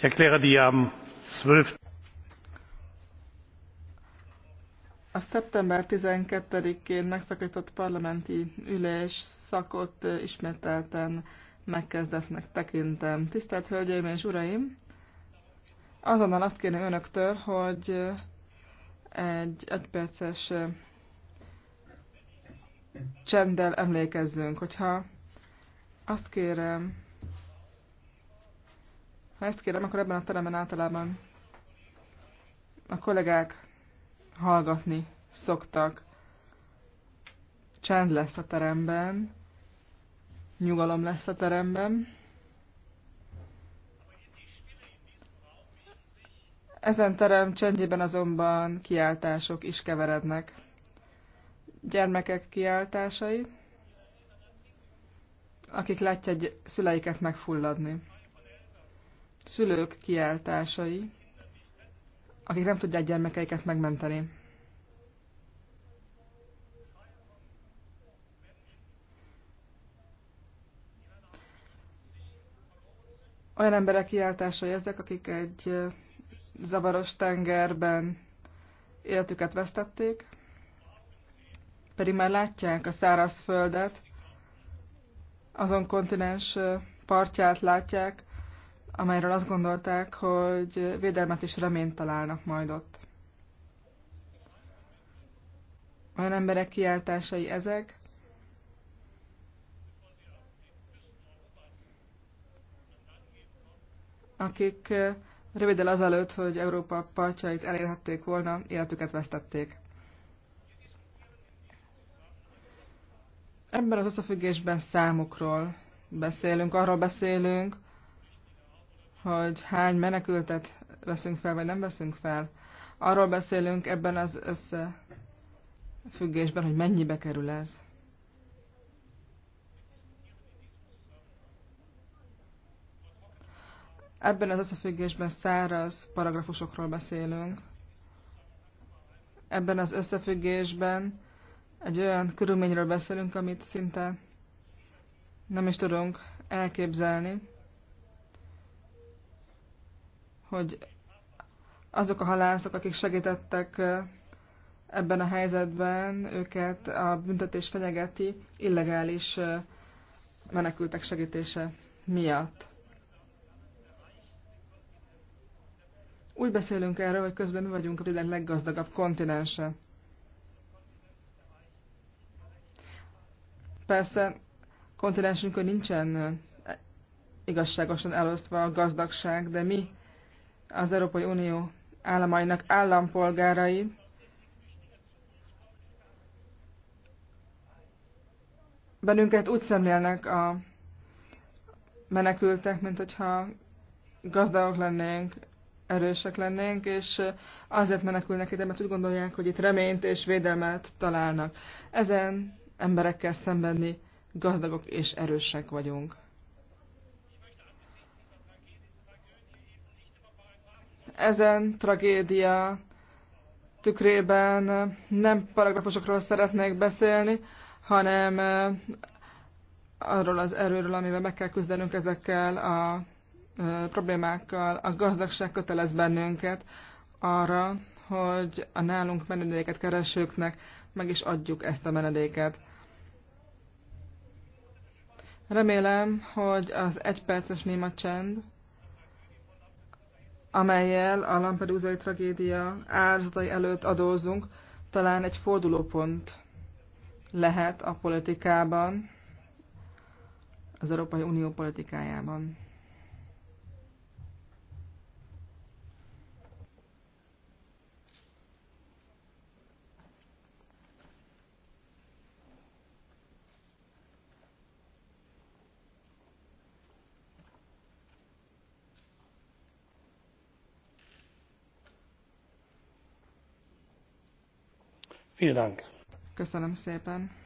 ich erkläre die am. zwölf a szeptember 12-én megszakított parlamenti ülés szakot ismételten megkezdetnek tekintem. Tisztelt Hölgyeim és Uraim! Azonnal azt kérném Önöktől, hogy egy egyperces csenddel emlékezzünk. Hogyha azt kérem, ha ezt kérem, akkor ebben a teremben általában a kollégák hallgatni szoktak. Csend lesz a teremben, nyugalom lesz a teremben. Ezen terem csendjében azonban kiáltások is keverednek. Gyermekek kiáltásai, akik látják szüleiket megfulladni szülők kiáltásai, akik nem tudják gyermekeiket megmenteni. Olyan emberek kiáltásai ezek, akik egy zavaros tengerben életüket vesztették, pedig már látják a szárazföldet, azon kontinens partját látják, amelyről azt gondolták, hogy védelmet és reményt találnak majd ott. Olyan emberek kiáltásai ezek, akik eh, röviddel azelőtt, hogy Európa partjait elérhették volna, életüket vesztették. Ebben az összefüggésben számokról beszélünk, arról beszélünk, hogy hány menekültet veszünk fel, vagy nem veszünk fel. Arról beszélünk ebben az összefüggésben, hogy mennyibe kerül ez. Ebben az összefüggésben száraz paragrafusokról beszélünk. Ebben az összefüggésben egy olyan körülményről beszélünk, amit szinte nem is tudunk elképzelni hogy azok a halászok, akik segítettek ebben a helyzetben, őket a büntetés fenyegeti illegális menekültek segítése miatt. Úgy beszélünk erről, hogy közben mi vagyunk a világ leggazdagabb kontinense. Persze kontinensünkön nincsen igazságosan elosztva a gazdagság, de mi az Európai Unió államainak állampolgárai bennünket úgy szemlélnek a menekültek, mint hogyha gazdagok lennénk, erősek lennénk, és azért menekülnek ide, mert úgy gondolják, hogy itt reményt és védelmet találnak. Ezen emberekkel szembenni gazdagok és erősek vagyunk. Ezen tragédia tükrében nem paragrafusokról szeretnék beszélni, hanem eh, arról az erőről, amivel meg kell küzdenünk ezekkel a eh, problémákkal. A gazdagság kötelez bennünket arra, hogy a nálunk menedéket keresőknek meg is adjuk ezt a menedéket. Remélem, hogy az perces néma csend amelyel a lampedúzai tragédia áldozatai előtt adózunk, talán egy fordulópont lehet a politikában, az Európai Unió politikájában. Vielen Dank. Köszönöm szépen.